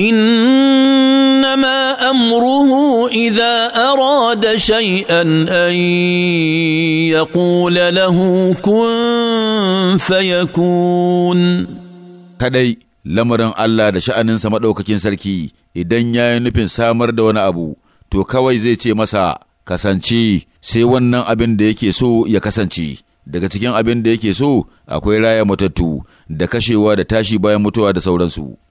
انما امره اذا اراد شيئا ان يقول له كن فيكون kadai lamarin Allah da sha'aninsa maɗaukakin sarki idan ya yi nufin samar da wani abu to kawai zai ce masa kasance sai wannan abin da yake so ya kasance daga cikin abin da yake so akwai raya matattu da kashewa da tashi bayan mutuwa da sauransu